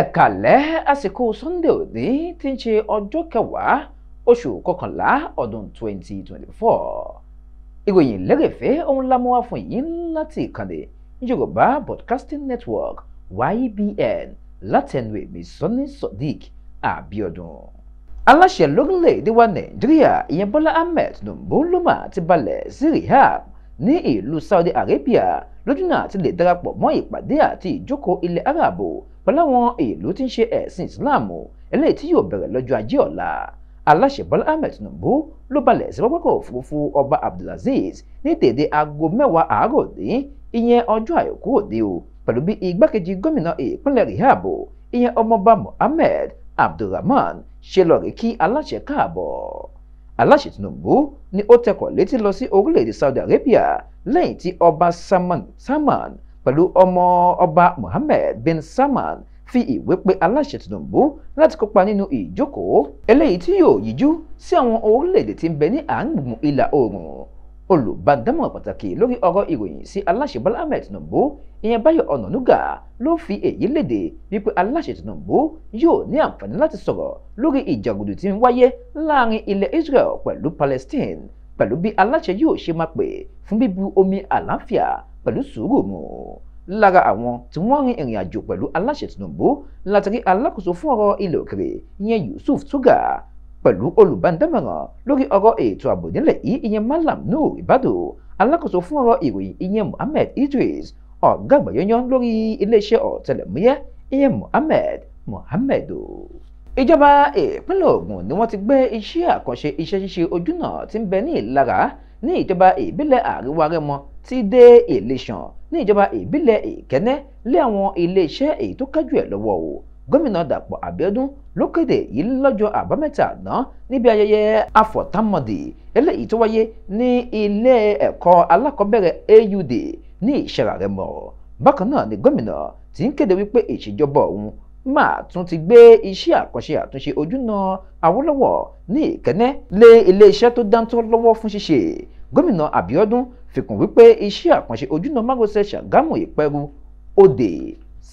ẹ̀kàlẹ́ àsìkò sunday òní ti ń ṣe ọjọ́ kẹwàá oṣù kọkànlá ọdún 2024 ìròyìn lẹ́rẹ̀fẹ́ ohun lámúwá fún yín láti ìkànnì yorùbá broadcasting network ybn látẹnu èmi sọ́ni sodiq abiodun. aláṣẹ lórílẹ̀‐èdè wa nàìjíríà ìyẹn bọ́lá ahmed tinubu ló mà ti balẹ̀ sí rehab ní ìlú Saudi Arabia lójúnà ti lè darapọ̀ mọ́ ìpàdé àti ìjókòó ilẹ̀ Arabu pẹ̀lú àwọn ìlú tí ń ṣe ẹ̀sìn Islam eléyìí tí yóò bẹ̀rẹ̀ lọ́jọ́ ajé ọ̀la aláṣẹ Bọ́lá Ahmed Tinubu ló balẹ̀ sí pápákọ̀ òfurufú ọba Abdulaziz ní tèdè aago mẹ́wàá àárọ̀ dín ìyẹn ọjọ́ àìkú òde o pẹ̀lú bí igbákejì gómìnà ìpínlẹ̀ Rihab ìyẹn ọmọọba Mohammed Abdulrahman ṣe lọ rí kí aláṣẹ káàbọ̀ aláṣẹ Tinubu ni ó tẹkọ̀ létí lọ sí orílẹ̀ Saudi Arabia lẹ́yìn tí ọba Salman Salman pẹ̀lú ọmọ ọba Mohammed bin Salman fi ìwé pè aláṣẹ Tinubu láti kópa nínú ìjókòó eléyìí tí yóò yíjú sí àwọn orílẹ̀-èdè tí ń bẹ ní àárín gbùngbùn ìlà oòrùn olùbádámọ̀ pàtàkì lórí ọ̀rọ̀ ìròyìn sí aláṣẹ bọ́lá ahmed tinubu ìyẹn báyọ̀ ọ̀nànúgà ló fi èyí léde wípé aláṣẹ tinubu yóò ní àǹfààní láti sọ̀rọ̀ lórí ìjàgùdù tí ń wáyé láàrin ilẹ̀ israel pẹ̀lú palestine pẹ̀lú bí aláṣẹ yóò ṣe máa pè fún bíbu omi àlàáfíà pẹ̀lú sùúrù mu lára àwọn tí wọ́n rin ìrìn àjò pẹ̀lú aláṣẹ tinubu látàrí alákòóso fún ọ̀rọ̀ ilẹ̀ òkèrè ìyẹn yusuf tuga pẹ̀lú olùbánidámọ̀ràn lórí ọ̀rọ̀ ètò ààbò nílẹ̀ yìí ìyẹn Malam Nuhu Ribadu alákòóso fún ọ̀rọ̀ ìròyìn ìyẹn Muhammed Idris ọ̀gá àgbà yányán lórí iléeṣẹ́ ọ̀tẹlẹ̀múyẹ́ ìyẹn Muhammed Muhammed o. ìjọba ìpínlẹ̀ Ògùn ni wọ́n ti gbé iṣẹ́ àkànṣe iṣẹ́ ṣíṣe ojúnà tí ń bẹ ní Ìlara ní ìjọba ìbílẹ̀ àríwá rẹ́mọ ti dé Ìlísàn ní ìjọba ìbílẹ̀ Ìkẹ́nẹ́ lé àwọn iléeṣẹ́ èyí tó kájú ẹ̀ lọ́wọ́ o gómìnà dàpọ̀ àbíọ́dún ló kéde yìí lọ́jọ́ àbámẹ́ta náà níbi ayẹyẹ afọ̀támọ̀dì eléyìí tó wáyé ní ilé ẹ̀kọ́ alákọ̀ọ́bẹ̀rẹ̀ aud ní ìṣẹ̀ràrẹ́mọ̀ bákan náà ni gómìnà ti ń kéde wípé ìṣèjọba òun máa tún ti gbé iṣẹ́ àkànṣe àtúnṣe ojúnà Awólọ́wọ̀ ní Ìkẹ́nnẹ́ lé iléeṣẹ́ tó dáńtọ́ lọ́wọ́ fún ṣíṣe gómìnà Abíọ́dún fikùn wípé iṣẹ́ àkànṣe ojúnà márosẹ̀ Ṣàgámù Ìpẹ́rù Òde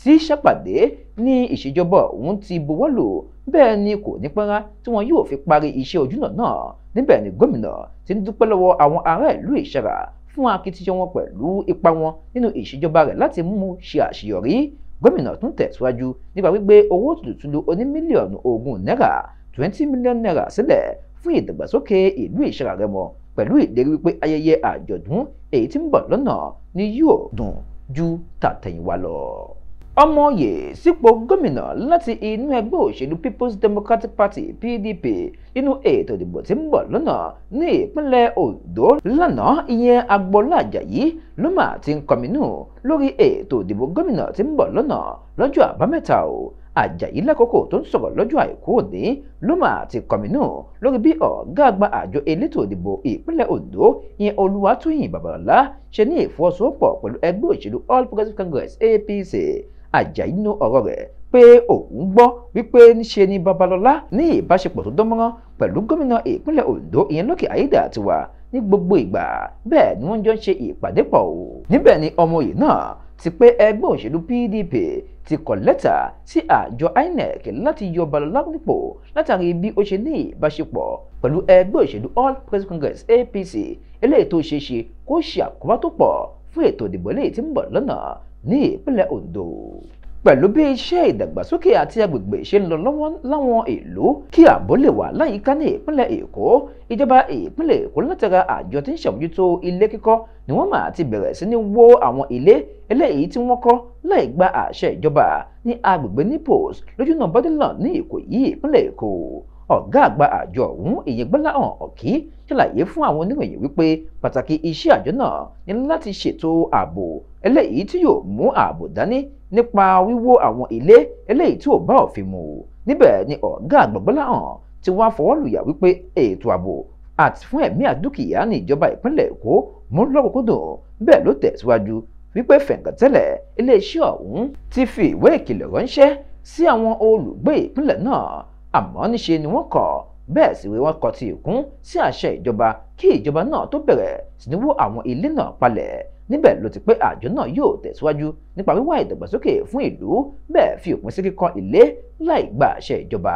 sí ṣàpàdé ní ìṣèjọba òun ti buwọ́lù bẹ́ẹ̀ ni kò ní pẹ́rán tí wọn yóò fi parí iṣẹ́ ojúnà náà níbẹ̀ ni gómìnà ti ń dúpẹ́ lọ́wọ́ àwọn ará ìlú Ìṣẹ̀rà fún akitiyan wọn pẹ̀lú ipa wọn nínú ìṣèjọba rẹ̀ láti mú ṣe àṣeyọrí gómìnà tún tẹ̀síwájú nípa gbígbé owó tùtùlù oní mílíọ̀nù ogún náírà twenty million naira sílẹ̀ fún ìdàgbàsókè ìlú Ìṣẹ̀rà Rẹ́mọ pẹ̀lú ìlérí wípé ayẹyẹ àjọ̀dún èyí tí ń bọ̀ lọ́nà ni yóò dùn ju tàtẹ̀yìnwá lọ ọmọye sípò gómìnà láti inú ẹgbẹ́ òṣèlú people's democratic party pdp nínú ètò ìdìbò tí ń bọ̀ lọ́nà ní ìpínlẹ̀ ondo lánàá ìyẹn agboola ajayi ló mà ti ń kọminú lórí ètò ìdìbò gómìnà tí ń bọ̀ lọ́nà lọ́jọ́ àbámẹ́ta o àjàyí lákòókò tó ń sọ̀rọ̀ lọ́jọ́ àìkú òní ló mà ti kọ̀mínú lórí bí ọ̀gá àgbà àjọ elétò ìdìbò ìpínlẹ̀ ondo ìyẹn olùwàtúyìn babalọ́lá ṣe ní ìfọwọ́sowọ́pọ̀ pẹ̀lú ẹgbẹ́ òṣèlú all progressives congress apc Àjàyí nú ọ̀rọ̀ rẹ̀ pé òun gbọ́ wípé níṣe ni Babalọ́lá ní ìbáṣepọ̀ tó dánmọ́rán pẹ̀lú gómìnà ìpínlẹ̀ Ondo ìyẹn Lókè Ayédàtiwa ní gbogbo ìgbà bẹ́ẹ̀ ni wọ́n jọ ń ṣe ìpàdé pọ̀ o níbẹ̀ ni ọmọ yìí náà ti pé ẹgbẹ́ òṣèlú PDP ti kọ lẹ́tà sí àjọ INEC láti yọ Balọlá nípò látàrí bí ó ṣe ní ìbáṣepọ̀ pẹ̀lú ẹgbẹ́ òṣèlú All Progressives Congress APC eléyìí tó ṣeé ṣe kó ṣe àkóbá tó pọ̀ fún ètò ìdìbò eléyìí tí ń bọ̀ lọ́nà ní ìpínlẹ̀ Ondo pẹ̀lú bí iṣẹ́ ìdàgbàsókè àti agbègbè ṣe ń lọ lọ́wọ́ láwọn ìlú kí ààbò lè wà láyìíká ní ìpínlẹ̀ Èkó ìjọba ìpínlẹ̀ Èkó látara àjọ tí ń ṣàmójútó ilé kíkọ́ ni wọ́n máa ti bẹ̀rẹ̀ sí ní wó àwọn ilé eléyìí tí wọ́n kọ́ láì gba àṣẹ ìjọba ní agbègbè Nipos lójúnà Bodiland ní Ìkòyí ìpínlẹ̀ Èkó ọ̀gá àgbà àjọ ọ̀hún ìyẹn ọ̀kí ṣàlàyé fún àwọn oníròyìn wípé pàtàkì iṣẹ́ àjọ náà ní láti ṣètò ààbò eléyìí tí yóò mú ààbò dání nípa wíwó àwọn ilé eléyìí tí ò bá òfin mu níbẹ̀ ni ọ̀gá àgbà gbọ́láhàn ti wá fọwọ́ lùyà wípé ètò ààbò àti fún ẹ̀mí àdúkìá ní ìjọba ìpínlẹ̀ èkó mú lọ́kùnkúndùn bẹ́ẹ̀ ló tẹ̀síwájú wípé fẹ̀ǹkàtẹ́lẹ̀ iléeṣẹ́ ọ̀hún ti fi ìwé ìkìlọ̀ ránṣẹ́ sí àwọn olùgbé ìpínlẹ̀ náà àmọ́ níṣe ni wọ́n kọ̀ bẹ́ẹ̀ sì wé wọ́n kọ ti ìkún sí àṣẹ ìjọba kí ìjọba náà tó bẹ̀rẹ̀ sí ní wó àwọn ilé náà palẹ̀ níbẹ̀ ló ti pé àjọ náà yóò tẹ̀síwájú nípa wíwá ìdàgbàsókè fún ìlú bẹ́ẹ̀ fi òpin sí kíkan ilé láì gba àṣẹ ìjọba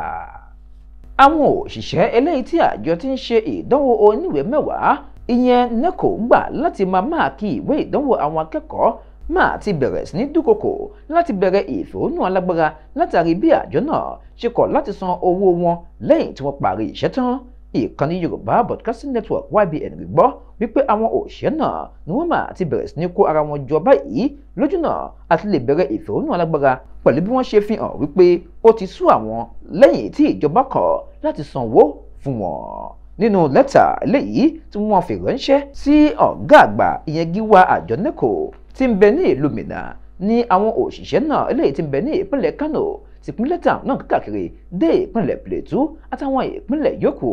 àwọn òṣìṣẹ́ eléyìí tí àjọ ti ń ṣe ìdánwò oníwèé mẹ́wàá ìyẹn neco ń gbà láti máa máàkì ìwé ìdánwò àwọn akẹ́kọ̀ọ́ máa ti bẹ̀rẹ̀ sí ní dúkokò láti bẹ̀rẹ̀ ìfẹ̀hónú alágbára látàrí bí àjọ náà ṣe kọ̀ láti san owó wọn lẹ́yìn tí wọ́n parí iṣẹ́ tán ìkànnì yorùbá broadcasting network ybn rí gbọ́ wípé àwọn òṣìṣẹ́ náà ni wọ́n máa ti bẹ̀rẹ̀ sí ní kó ara wọn jọ báyìí lójúnà àti lè bẹ̀rẹ̀ ìfẹ̀hónú alágbára pẹ̀lú bí wọ́n ṣe fi hàn wípé ó ti sú àwọn lẹ́yìn tí ìjọba kọ̀ láti sanwó fún wọn nínú lẹ́tà eléyìí tí wọ́n fi ránṣẹ́ sí ọ̀gá àgbà ìyẹn gíwá àjọ neco tí ń bẹ ní ìlú Minna ní àwọn òṣìṣẹ́ náà eléyìí tí ń bẹ ní ìpínlẹ̀ Kano tìpínlẹ̀ náà káàkiri dé ìpínlẹ̀ Plateau àtàwọn ìpínlẹ̀ yòókù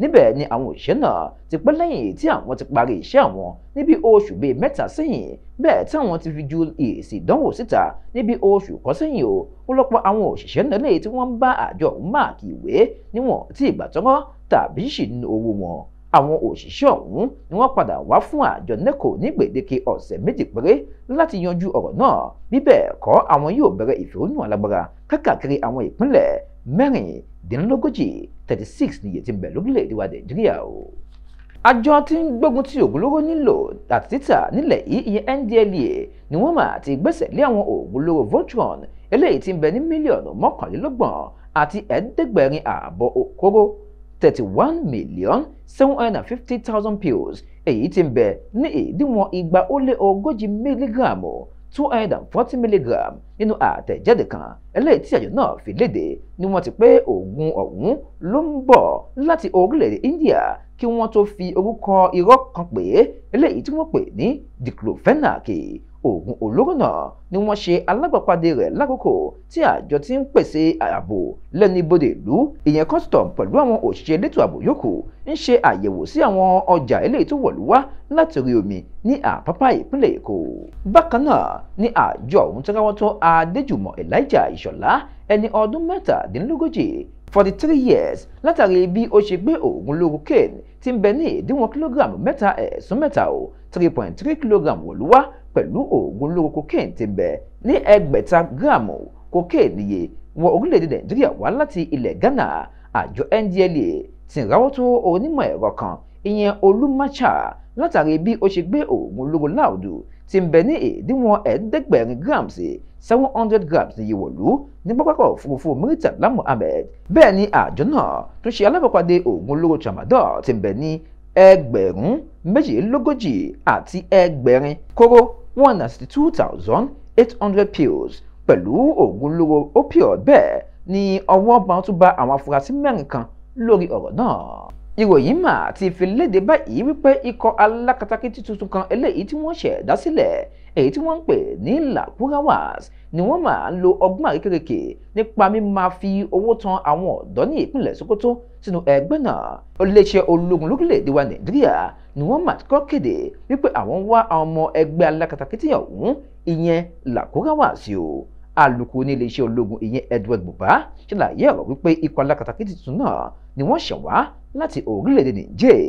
níbẹ̀ ni àwọn òṣìṣẹ́ náà ti pẹ́ lẹ́yìn tí àwọn ti parí iṣẹ́ àwọn níbi oṣù bíi mẹ́ta sẹ́yìn bẹ́ẹ̀ tí ti fi ju èsì ìdánwò síta níbi oṣù kan sẹ́yìn o ọ̀pọ̀lọpọ̀ àwọn òṣìṣẹ́ náà lẹ́yìn tí wọ́n ń bá àjọ máàkì ìwé níwọ̀n tí ìgbà tọ́rọ́ tàbí ṣì ń owó wọn àwọn òṣìṣẹ́ ọ̀hún ni wọ́n padà wá fún àjọ neco ní gbèdéke ọ̀sẹ̀ méjì péré láti yanjú ọ̀rọ̀ náà bí bẹ́ẹ̀ kọ́ àwọn yóò bẹ̀rẹ̀ ìfẹ̀hónú alágbára káàkiri àwọn ìpínlẹ̀ mẹ́rìndínlógójì thirty six níye tí ń bẹ lórílẹ̀‐èdè wa nàìjíríà o àjọ tí ń gbógun ti oògùn olóró nílò àti títà nílẹ̀ yìí ìyẹn ndlea ni wọ́n máa ti gbẹ́sẹ̀ lé àwọn oògùn olóró thirty one million seven hundred fifty thousand pills èyí tí ń bẹ ní ìdíwọ̀n igba ó lé ogójì mílígíráàmù two hundred and forty milligram nínú àtẹ̀jáde kan eléyìí tí àjọ náà fi léde ni wọ́n ti pé oògùn ọ̀hún ló ń bọ̀ láti orílẹ̀-èdè India kí wọ́n tó fi orúkọ irọ́ kan pè é eléyìí tí wọ́n pè ní diclofenac oògùn olóró náà ni wọ́n ṣe alábàápàdé rẹ̀ lákòókò tí àjọ ti ń pèsè ààbò lẹ́nu ibodè ìlú ìyẹn custom pẹ̀lú àwọn òṣìṣẹ́ elétò ààbò yòókù ń ṣe àyẹ̀wò sí àwọn ọjà eléyìí tó wọ̀lú wá láti orí omi ní àpápá ìpínlẹ̀ èkó. bákan náà ni àjọ ọ̀hún tí wọ́n tó adéjùmọ̀ elijah ìṣọ̀lá ẹni ọdún mẹ́tàdínlógójì forty three years látàrí bí ó ṣe gbé oògùn lóru kane tí ń bẹ ní ìdíwọ̀n kílógíráàmù mẹ́ta ẹ̀sùn mẹ́ta o three point three kílógíráàmù wọ̀lúwá pẹ̀lú oògùn olóró cocaine ti bẹ̀ ní ẹgbẹ̀ta gíráàmù cocaine yìí wọ orílẹ̀-èdè nàìjíríà wá láti ilẹ̀ ghana àjọ ndla ti ráwọ́ tó onímọ̀ ẹ̀rọ kan ìyẹn olúmọ̀chà látàrí bí ó ṣe gbé oògùn olóró láòdù ti bẹ̀ ní ìdíwọ̀n ẹ̀ẹ́dẹ́gbẹ̀rin grams seven hundred grams yìí wọ̀lú ní pápákọ̀ òfurufú Muritala Muhammed bẹ́ẹ̀ ni àjọ náà tún ṣe alábàápàdé oògùn olóró tramadol ti bẹ̀ ní ẹgbẹ̀rún méjìlélógójì àti ẹgbẹ̀rin kóró one sixty two thousand eight hundred pills pẹ̀lú oògùn olóró opioid bẹ́ẹ̀ ni ọwọ́ bá tún bá àwọn afurasí mẹ́rin kan lórí ọ̀rọ̀ náà ìròyìn mà ti fi léde báyìí wípé ikọ̀ alákatakítí tuntun kan eléyìí tí wọ́n ṣẹ̀dá sílẹ̀ èyí tí wọ́n ń pè ní lakurawas ni wọ́n máa ń lo ọgbọ́n àrékèrèké nípa mímá fi owó tan àwọn ọ̀dọ́ ní ìpínlẹ̀ Sokoto sínú ẹgbẹ́ náà iléeṣẹ́ ológun lórílẹ̀‐èdè wa Nàìjíríà ni wọ́n máa kọ́ kéde wípé àwọn wá àwọn ọmọ ẹgbẹ́ alákatakítí ọ̀hún ìyẹn lakurawas yìí o alùkù ní iléeṣẹ́ ológun ìyẹn Edward Buba ṣàlàyé ọ̀rọ̀ wípé ikọ̀ alákatakítí tuntun náà ni wọ́n ṣẹ̀ wá láti orílẹ̀-èdè Niger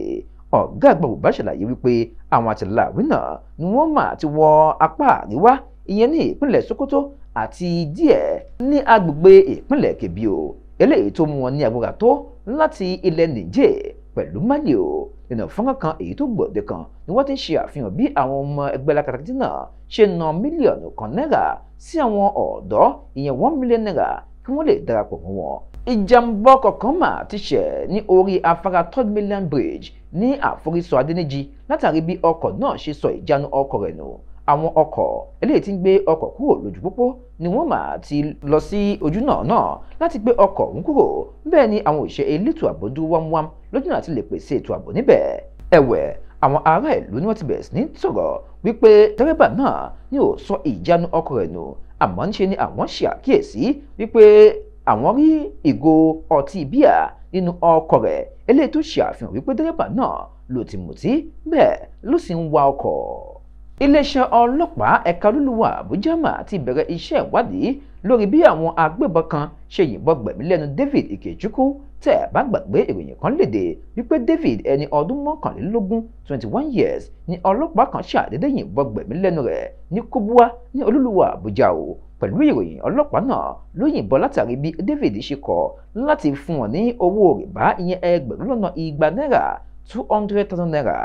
ọ̀gá àgbà Buba ṣàlàyé wípé àwọn àtìláwí náà ni wọ́n máa ti wọ apá àríwá ìyẹn ní ìpínlẹ̀ Sokoto àti díẹ̀ ní agbègbè ìpínlẹ̀ Kebbi o eléyìí tó mú wọn ní agbára tó láti ilẹ̀ Niger pẹ̀lú mali o nínú fọ́nrán kan èyí tó gbòde kan ni wọ́n ti ń ṣe àfihàn bí àwọn ọmọ ẹgbẹ́ lakatakítí náà ṣe na mílíọ̀nù kan náírà sí àwọn ọ̀dọ́ ìyẹn one million naira kí wọ́n lè darapọ̀ mọ́ wọn. ìjàmbá ọkọ̀ kan mà ti ṣẹ̀ ní orí afárá third million bridge ní àforísọ adẹ́nìjì látàrí bí ọkọ̀ náà ṣe sọ ìjánu ọkọ̀ rẹ̀ nù àwọn ọkọ̀ eléyìí tí ń gbé ọkọ̀ kúrò lójú pópó ni wọ́n máa ti lọ sí ojúnà náà láti gbé ọkọ̀ ọ̀hún kúrò bẹ́ẹ̀ ni àwọn òṣìṣẹ́ elétò ààbò dúró wámúwám lójúnà àti lè pèsè ètò ààbò níbẹ̀ ẹ̀wẹ̀ àwọn ará ìlú ni wọ́n ti bẹ̀rẹ̀ sí ní sọ̀rọ̀ wípé dẹ́rẹ́bà náà ni ò sọ ìjánu ọkọ̀ rẹ̀ nù àmọ́ ń ṣe ni àwọn ṣe àkíyèsí wípé àwọn rí ìgò ọtí bíà nínú ọkọ̀ rẹ̀ eléyìí tó ṣe àfihàn wípé dẹ́rẹ́bà náà ló ti mutí ló sì ń wa ọkọ̀ iléeṣẹ́ ọlọ́pàá ẹ̀ka olúluwà àbújá mà ti bẹ̀rẹ̀ iṣẹ́ ìwádìí lórí bí àwọn agbébọn kan ṣe yìnbọn gbẹ̀mí lẹ́nu david ikechukwu tẹ́ ẹ̀ bá gbàgbé ìròyìn kan léde wípé david ẹni ọdún mọ́kànlélógún twenty one years ni ọlọ́pàá kan ṣàdédé yìnbọn gbẹ̀mí lẹ́nu rẹ̀ ní kóbúwá ní olúluwà àbújá o pẹ̀lú ìròyìn ọlọ́pàá náà ló yìnbọn látàrí bí david ṣe kọ̀ láti fún wọn ní owó rìbá ìyẹn ẹgbẹ̀rún lọ́nà igba náírà two hundred thousand naira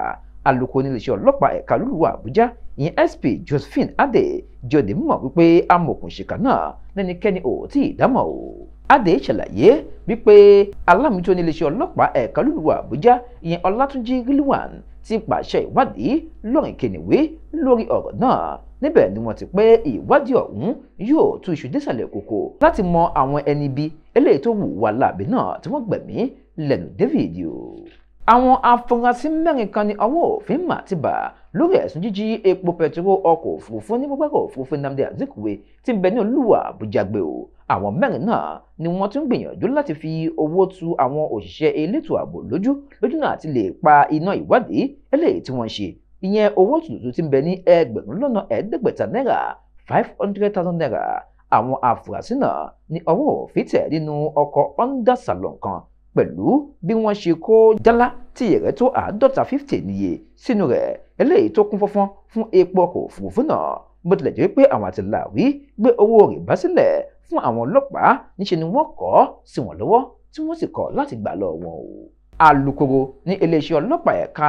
alūkó níléeṣẹ́ ọlọ́pàá ẹ̀ka lólùwà àbújá ìyẹn sp josephine adé jọdẹ mọ̀ wípé amọ̀kùnṣìkà náà lẹ́nikẹ́ni ò tí ì dámọ̀ o. adé ṣàlàyé wípé alámùjọ níléeṣẹ́ ọlọ́pàá ẹ̀ka lólùwà àbújá ìyẹn ọlátúnjí rilwan ti pàṣẹ ìwádìí lọ́rìn kìnìwé lórí ọ̀rọ̀ náà níbẹ̀ ni wọ́n ti pé ìwádìí ọ̀hún yóò tú iṣu désàlẹ̀ kòkò láti mọ àwọn ẹni ibi eléyìí tó wù wá láàbí náà tí wọ́n gbẹ̀mí lẹ́nu david o àwọn afurasí mẹ́rin kan ni ọwọ́ òfin mà ti bà lórí ẹ̀sùn jíjí epo pẹtiró ọkọ̀ òfurufú ní pápákọ̀ òfurufú Nnamdi Azikiwe tí ń bẹ ní olúwa Àbújá o àwọn mẹ́rin náà ni wọ́n tún gbìyànjú láti fi owó tu àwọn òṣìṣẹ́ elétò ààbò lójú lójú náà ti lè pa iná ìwádìí eléyìí tí wọ́n ṣe ìyẹn owó tuntun tí ń bẹ ní ẹgbẹ̀rún lọ́nà ẹ̀ẹ́dẹ́gbẹ̀ta náírà five hundred thousand naira àwọn afurasí náà ni ọwọ́ òfin tẹ̀ nínú ọkọ̀ Honda Salon kan pẹ̀lú bí wọ́n ṣe kó jálá tí iye rẹ̀ tó àádọ́ta fifty níye sínú rẹ̀ eléyìí tó kún fọ́fọ́n fún epo ọkọ̀ òfurufú náà bó tilẹ̀ jẹ́ pé àwọn àti làwí gbé owó rìbá sílẹ̀ fún àwọn ọlọ́pàá níṣẹ́ ni wọ́n kọ́ sí wọn lọ́wọ́ tí wọ́n sì kọ̀ láti gbà lọ wọn o. alūkkóró ní iléeṣẹ́ ọlọ́pàá ẹ̀ka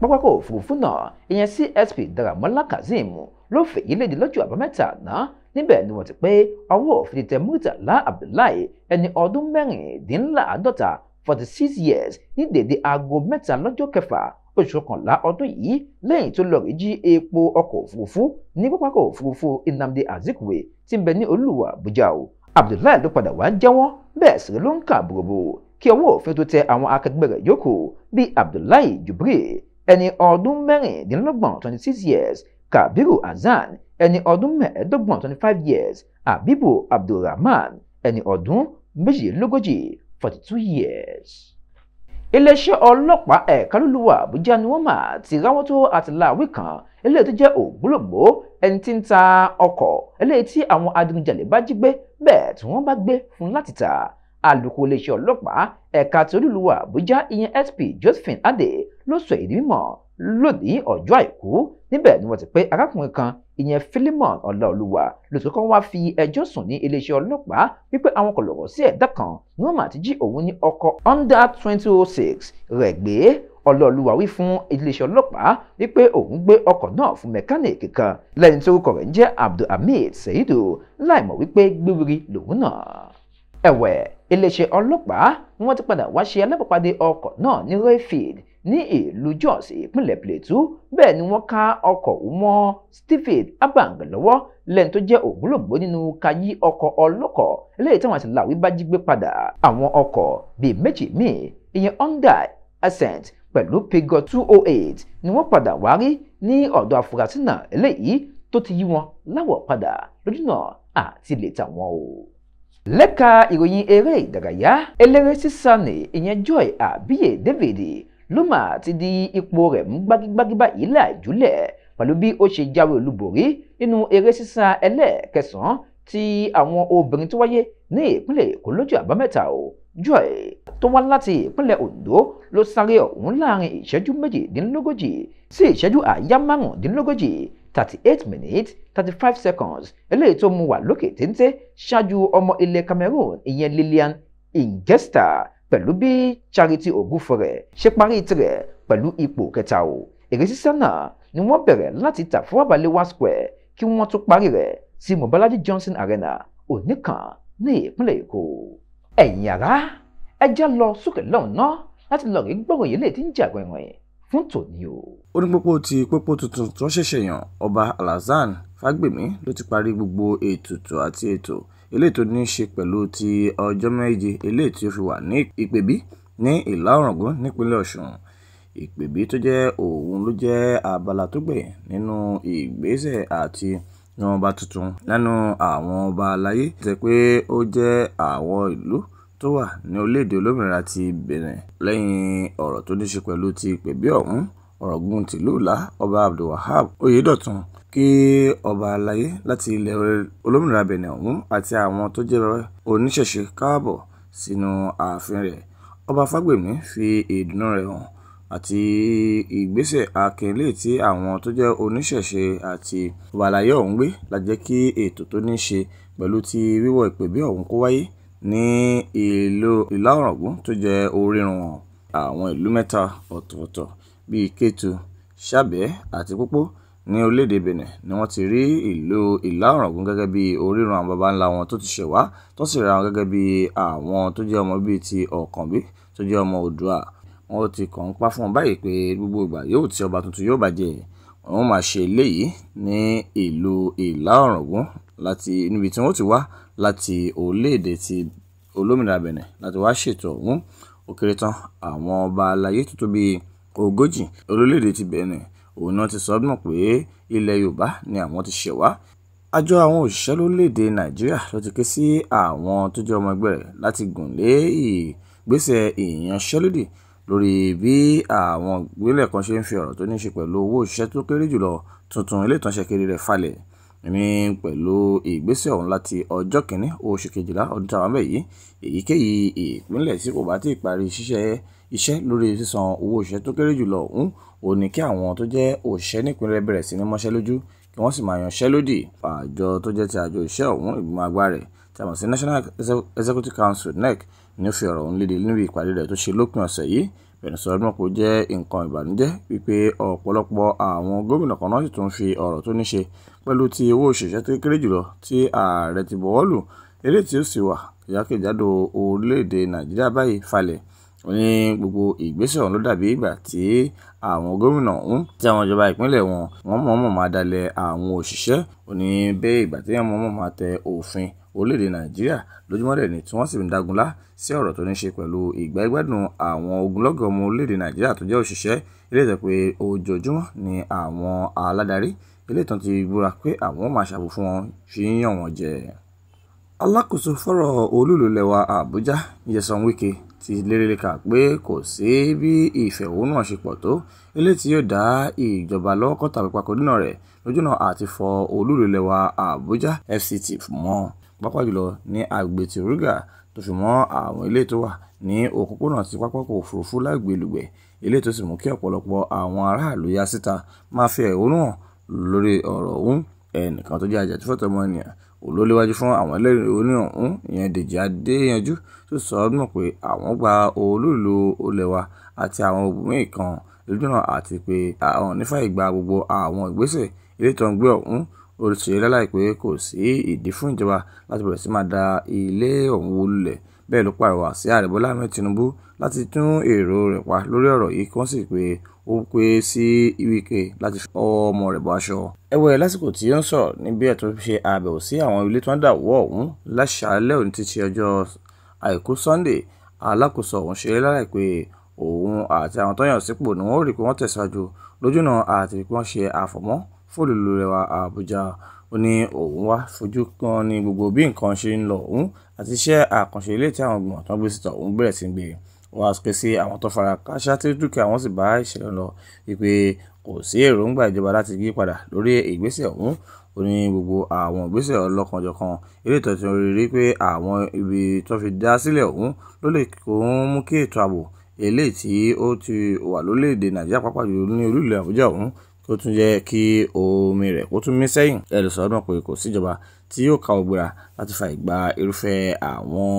pápákọ̀ òfurufú náà ìyẹn CSP Dàramọ́lá Kazeem ló fèyí léde lọ́jọ́ àbámẹ́ta náà níbẹ̀ ni wọ́n ti pé ọwọ́ òfin ti tẹ Murtala Abdullahi ẹni ọdún mẹ́rìndínláàádọ́ta forty six years ní déédé aago mẹ́ta lọ́jọ́ kẹfà oṣù kọkànlá ọdún yìí lẹ́yìn tó lọ rí jí epo ọkọ̀ òfurufú ní pápákọ̀ òfurufú Nnamdi Azikiwe tí ń bẹ ní olúwa Àbújá o Abdullahi ló padà wá jẹ́wọ́ bẹ́ẹ̀ sì ló ń kà bòròbò kí ọwọ́ òfin tó tẹ àwọn akẹgbẹ́ rẹ̀ yòókù bíi Abdullahi Jubril ẹni ọdún mẹ́rìndínlọ́gbọ̀n twenty six years Kabiru Hasan ẹni ọdún mẹ́ẹ̀ẹ́dọ́gbọ̀n twenty five years abibu abdulrahman ẹni ọdún méjìlélógójì forty two years. iléeṣẹ́ ọlọ́pàá ẹ̀ka lólùwà àbújá ni wọ́n mà ti ráwọ́ tó àtìláàwí kan eléyìí tó jẹ́ ògbólógbòó ẹni tí ń ta ọkọ̀ eléyìí tí àwọn adigunjalè bá jí gbé bẹ́ẹ̀ tí wọ́n bá gbé fún láti tà alùkò iléeṣẹ́ ọlọ́pàá ẹ̀ka tí olúluwà àbújá ìyẹn sp josephine adé ló sọ èdè mímọ́ lónìí ọjọ́ àìkú níbẹ̀ ni wọ́n ti pé arákùnrin kan ìyẹn Philemon Ọláolúwa lòtún kan wá fi ẹjọ́ sùn ní iléeṣẹ́ ọlọ́pàá wípé àwọn kọ̀lọ̀rọ̀ sí ẹ̀dá kan ni wọ́n máa ti jí òun ní ọkọ̀ honda twenty oh six rẹ̀ gbé Ọláolúwa wí fún iléeṣẹ́ ọlọ́pàá wípé òun gbé ọkọ̀ náà fún mẹkáníìkì kan lẹ́yìn tí orúkọ rẹ̀ ń jẹ́ Abdulhamid Seidu láìmọ̀ wípé gbéwìrì lòun náà ẹ̀wẹ̀ iléeṣẹ́ ọlọ́pàá ni wọ́n ti padà wá ṣe alábàpàdé ọkọ̀ náà ní Rayfield ní ìlú Jos ìpínlẹ̀ Plateau bẹ́ẹ̀ ni wọ́n ká ọkọ̀ mọ́ Stephen Abang lọ́wọ́ lẹ́ni tó jẹ́ ògbólógbòó nínú kayi ọkọ̀ ọlọ́kọ̀ eléyìí táwọn àti làwí bá jí gbé padà àwọn ọkọ̀ bíi méjì míì ìyẹn Hyundai Accent pẹ̀lú Peugeot 208 ni wọ́n padà wá rí ní ọ̀dọ̀ afurasí náà eléyìí tó ti yí wọn láwọ̀ padà lójúnà àti lè tà wọ́n o lẹ́ka ìròyìn eré ìdárayá eléré sísá Luma ti di ipò rẹ̀ mú gbágígbágí báyìí láìjúlẹ̀ pẹ̀lú bí ó ṣe jáwé olúborí nínú eré sísá ẹlẹ́ẹ̀kẹsàn-án ti àwọn obìnrin tó wáyé ní ìpínlẹ̀ Èkó lójú àbámẹ́ta o Joy tó wá láti ìpínlẹ̀ Ondo ló sáré ọ̀hún láàrin ìṣẹ́jú méjìdínlógójì sí ìṣẹ́jú àyá márùndínlógójì thirty eight minutes thirty five seconds eléyìí tó mu wà lókè téńté ṣáájú ọmọ ilẹ̀ Cameroon ìyẹn Lilian Ingesta pẹ̀lú bí Charity Ògúnfọrẹ ṣe parí tirẹ̀ pẹ̀lú ipò kẹta o èrè sísá ni wọ́n bẹ̀rẹ̀ láti tà fún Àbáléwá Square kí wọ́n tún parí rẹ̀ sí Mobalaji Johnson Arena òní ní ìpínlẹ̀ Èkó ẹ̀yin ará ẹ lọ sókè lọ́hùn láti lọ rí gbọ́rọ̀ yìí lè ti ń jàgbọ́n ìròyìn fún tòní o. ó ní pópó ti pópó tuntun tó ṣẹ̀ṣẹ̀ yàn ọba Alhassan Fagbemi ló ti parí gbogbo ètùtù àti ètò eléyìí tó ní í ṣe pẹ̀lú ti ọjọ́ méje eléyìí tí ó fi wà ní ìpèbí ní ìlà òràngún nípínlẹ̀ ọ̀ṣun ìpèbí tó jẹ́ òun ló jẹ́ abala tó gbẹ̀yìn nínú ìgbésẹ̀ àti yan ọba tuntun lẹ́nu àwọn ọba aláyé jẹ́ pé ó jẹ́ àwọn ìlú tó wà ní orílẹ̀-èdè olómìnira ti Benin lẹ́yìn ọ̀rọ̀ tó ní ṣe pẹ̀lú ti ìpèbí ọ̀hún ọ̀ràngún tìlú ìlà ọba abdulwahab Oyedotun, kí ọba alayé láti ilẹ̀ olómìnira benin ọ̀hún àti àwọn tó jẹ́ oníṣẹ̀ṣe káàbọ̀ sínú ààfin rẹ̀ ọba fagbemi fi ìdùnnú rẹ̀ hàn àti ìgbésẹ̀ akínlé tí àwọn tó jẹ́ oníṣẹ̀ṣe àti ọba alayé ọ̀hún gbé la jẹ́ kí ètò tó ní ṣe pẹ̀lú ti wíwọ ìpèbí ọ̀hún kó wáyé ní ìlú ìlà ọ̀ràngún tó jẹ́ orírun àwọn ìlú mẹ́ta ọ̀tọ̀ọ̀tọ̀ bíi Kétu, Sabẹ̀ àti Pópó ní orílẹ̀-èdè ni wọ́n ti rí ìlú Ìlà-Òràngún gẹ́gẹ́ bí orírun àwọn baba ńlá wọn tó ti ṣẹ̀ wá tọ́n sì ríra wọn gẹ́gẹ́ bí àwọn tó jẹ́ ọmọ bíi ti Ọ̀kànbí tó jẹ́ ọmọ Oòduà. Wọ́n ti kàn ń pa fún wọn báyìí pé gbogbo ìgbà yòówù tí ọba tuntun yóò bá jẹ wọn ó máa ṣe eléyìí ní ìlú ìlà láti níbi tí wọ́n ti wá láti orílẹ̀ ti olómìnira Bẹ̀nẹ̀ láti wá ṣètò ọ̀hún. Ó kéré tán àwọn ọba aláyé tó bíi ogójì orílẹ̀-èdè ti Benin òun náà ti sọ mọ̀ pé ilẹ̀ Yorùbá ni àwọn ti ṣẹ̀ wá àjọ àwọn òṣìṣẹ́ lórílẹ̀‐èdè nàìjíríà ló ti ké sí àwọn tó jẹ́ ọmọ ẹgbẹ́ rẹ̀ láti gùn lé ìgbésẹ̀ ìyanṣẹ́lódì lórí bí àwọn ìgbélẹ̀ kan ṣe ń fi ọ̀rọ̀ tó ní ṣe pẹ̀lú owó òṣìṣẹ́ tó kéré jùlọ tuntun ilé ìtànṣe kiri rẹ̀ falẹ̀ ní pẹ̀lú ìgbésẹ̀ ọ̀hún láti ọjọ́ kìíní oṣù kejìlá ọdún táwọn bẹ̀ yìí èyíkéyìí ìpínlẹ̀ tí kò bá ti parí ṣiṣẹ́ iṣẹ́ lórí sísan owó òṣìṣẹ́ tó kéré jùlọ ọ̀hún ò ní kí àwọn tó jẹ́ òṣìṣẹ́ nípìnlẹ̀ bẹ̀rẹ̀ sí ní mọ́ṣẹ́ lójú kí wọ́n sì máa yanṣẹ́ lódì àjọ tó jẹ́ ti àjọ iṣẹ́ ọ̀hún ìgbìmọ̀ àgbà rẹ̀ tí a mọ̀ sí National Executive Council NEC ni ó fi ọ̀rọ̀ ọ̀hún léde níbi ìpàdé rẹ̀ tó ṣe lópin ọ̀sẹ̀ yìí bẹ̀rẹ̀sọ ọdúnmọ̀pọ̀ jẹ́ nǹkan ìbànújẹ́ wípé ọ̀pọ̀lọpọ̀ àwọn gómìnà kan náà sì tún fi ọ̀rọ̀ tó ní ṣe pẹ̀lú ti owó òṣìṣẹ́ tó kéré jùlọ tí ààrẹ ti bọ̀wọ́ lù eléyìí tí ó sì wà ìyákèjádò orílẹ̀-èdè Nàìjíríà báyìí falẹ̀ ó ní gbogbo ìgbésẹ̀ ọ̀hún ló dàbí ìgbà tí àwọn gómìnà ọ̀hún tí àwọn ìjọba ìpínlẹ̀ wọn wọ́n mọ̀ọ́mọ̀ máa dalẹ̀ àwọn òṣìṣẹ́ ó ní bẹ́ẹ̀ ìgbà tí wọ́n mọ̀ọ́mọ̀ máa tẹ òfin orílẹ̀-èdè nàìjíríà lójúmọ́ dẹ̀ ni tí wọ́n sì ń dagunlá sí ọ̀rọ̀ tó ní ṣe pẹ̀lú ìgbẹ́gbẹ́dùn àwọn ogunlọ́gọ̀ ọmọ orílẹ̀-èdè nàìjíríà tó jẹ́ òṣìṣẹ́ ilé ìtọ́ pé ojoojúmọ́ ni àwọn aládarí ilé ìtàn ti búra pé àwọn máa ṣàbò fún wọn fi ń yàn wọ́n jẹ alákòóso fọ́rọ̀ olúlulẹ̀ wa àbújá nyesom wike ti lérílẹ̀ka pé kò sí bí ìfẹ̀hónú ṣe pọ̀ tó eléyìí tí yóò dá ìjọba lọ́wọ́ kọ́ tàbí dínà rẹ̀ lójúnà àti fọ olúlulẹ̀ wa àbújá fct mọ́ pàápàá jùlọ ní agbègbè ti orígà tó fi mọ́ àwọn ilé tó wà ní òpópónà ti pápákọ̀ òfurufú lágbèlùgbẹ̀ ilé tó sì mú kí ọ̀pọ̀lọpọ̀ àwọn aráàlú yá síta máa fi ẹ̀hónú hàn lórí ọ̀rọ̀ olólewájú fún àwọn ẹlẹ́rìí onírànún ìyẹn Dèjì Adéyanjú tó sọ ọ́ mọ̀ pé àwọn gba olúùlú olè wa àti àwọn obìnrin kan lójúnà àti pé àwọn onífà ìgbà gbogbo àwọn ìgbésẹ̀ ilé tó ń gbé ọ̀hún olùsèyí láláì pé kò sí ìdí fún ìjọba láti bẹ̀rẹ̀ sí máa da ilé ọ̀hún wó lulẹ̀ bẹ́ẹ̀ ló pàrọwà sí ààrẹ Bọ́lá Ahmed láti tún èrò rẹ̀ pa lórí ọ̀rọ̀ yìí kí wọ́n sì pé ó pé e sí Wike láti fi ọwọ́ ọmọ rẹ̀ bọ́ aṣọ. ẹ̀wẹ̀ lásìkò tí ó ń sọ̀rọ̀ níbi ẹ̀ tó ṣe àbẹ̀wò sí àwọn ilé tó ń dà wọ́ ọ̀hún láṣàálẹ̀ òní ti ṣe ọjọ́ àìkú Sunday alákòóso ọ̀hún ṣe láì pé òun àti àwọn tó yàn sípò ni wọ́n rí pé wọ́n tẹ̀síwájú lójúnà àti pé wọ́n ṣe àfọ̀mọ́ fún olùlù rẹwà Àbújá ó ní òun wá fojú kan ní gbogbo bí nǹkan ṣe ń lọ òun àti iṣẹ́ àkànṣe ilé tí àwọn ìgbìmọ̀ tó ń gbé síta òun bẹ̀rẹ̀ sí gbé wọ́n á ké sí àwọn tó fara káṣá tí dúkìá wọn sì bá ìṣẹ̀lẹ̀ lọ wípé kò sí èròǹgbà ìjọba láti yí padà lórí ìgbésẹ̀ ọ̀hún ó ní gbogbo àwọn ìgbésẹ̀ ọlọ́kanjọ̀kan eré ìtọ́jú rí rí pé àwọn ibi tó fi dá sílẹ̀ ọ̀hún ló lè kó ń mú kí ètò ààbò eléyìí tí ó ti wà lórílẹ̀‐èdè nàìjíríà pàápàá jùlọ ní orílẹ̀ àbújá ọ̀hún kó tún jẹ́ kí omi rẹ̀ kó tún mí sẹ́yìn ẹ̀rọ sọ́dún pé kò síjọba tí yóò ka ògbéra láti fa ìgbà irúfẹ́ àwọn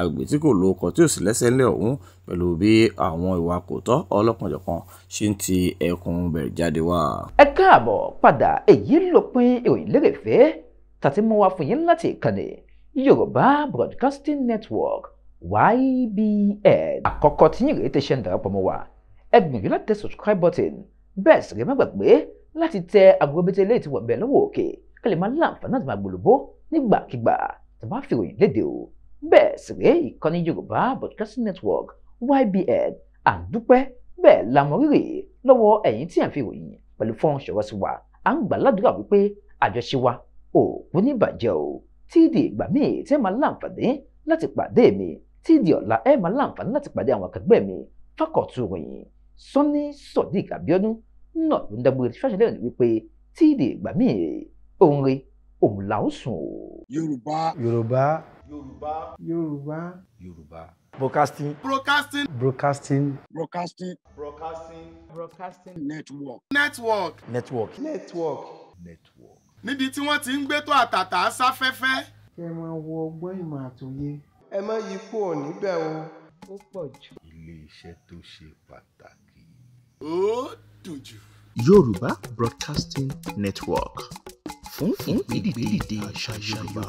agbègbè tí kò lóko tí ò sì lẹ́sẹ̀ ńlẹ̀ ọ̀hún pẹ̀lú bí àwọn ìwà kò tọ́ ọlọ́kanjọ̀kan ṣe ń ti ẹkùn bẹ̀rẹ̀ jáde wá. ẹ káàbọ̀ padà èyí lópin ìròyìn lérèfé tàti mú wa fún yín láti ìkànnì Yorùbá Broadcasting Network YBN. àkọ́kọ́ tí yìnyín rèé ti ṣe ń darapọ̀ mọ́ wa ẹ gbìyànjú láti tẹ subscribe button bẹ́ẹ̀ sì rẹ má gbàgbé láti tẹ agbóbẹ́tẹ léètì wọ̀bẹ̀ lọ́wọ́ òkè kí lè máa láǹfààní àti máa gbòlòbó nígbàkigbà tàbá bẹ́ẹ̀ sì ré ìkànnì yorùbá broadcasting network ybn à ń dúpẹ́ bẹ́ẹ̀ la mọ rírì lọ́wọ́ ẹ̀yin tí à ń fi ròyìn pẹ̀lú fọ́n ṣọ̀rọ̀ sí wa à ń gbà ládùúrà wípé àjọṣe wa ò kú ní ìbàjẹ́ o tí di ìgbà míì tí ẹ máa láǹfààní láti pàdé mi tí di ọ̀la ẹ máa láǹfààní láti pàdé àwọn akẹgbẹ́ mi fákọ̀tù ròyìn sọ́ní sọ̀dí àbíọ́dún náà ló ń dágbére fáṣẹ́lẹ́rìn wípé tí di ìgbà míì òun rèé òun là ó sùn o. yorùbá yorùbá yorùbá yorùbá yorùbá. broadcasting broadcasting broadcasting broadcasting broadcasting broadcasting network network network network network. níbi tí wọ́n ti ń gbé tó àtàtà sáfẹ́fẹ́. kẹ́ ẹ máa wọ ọgbọ́n ìmọ̀ àtòyé. ẹ má yí kúrò níbẹ̀ o. ó pọ̀ jù. ilé tó ṣe pàtàkì. ó dùn jù. yorùbá broadcasting network fún ìgbédìde àṣà Yorùbá.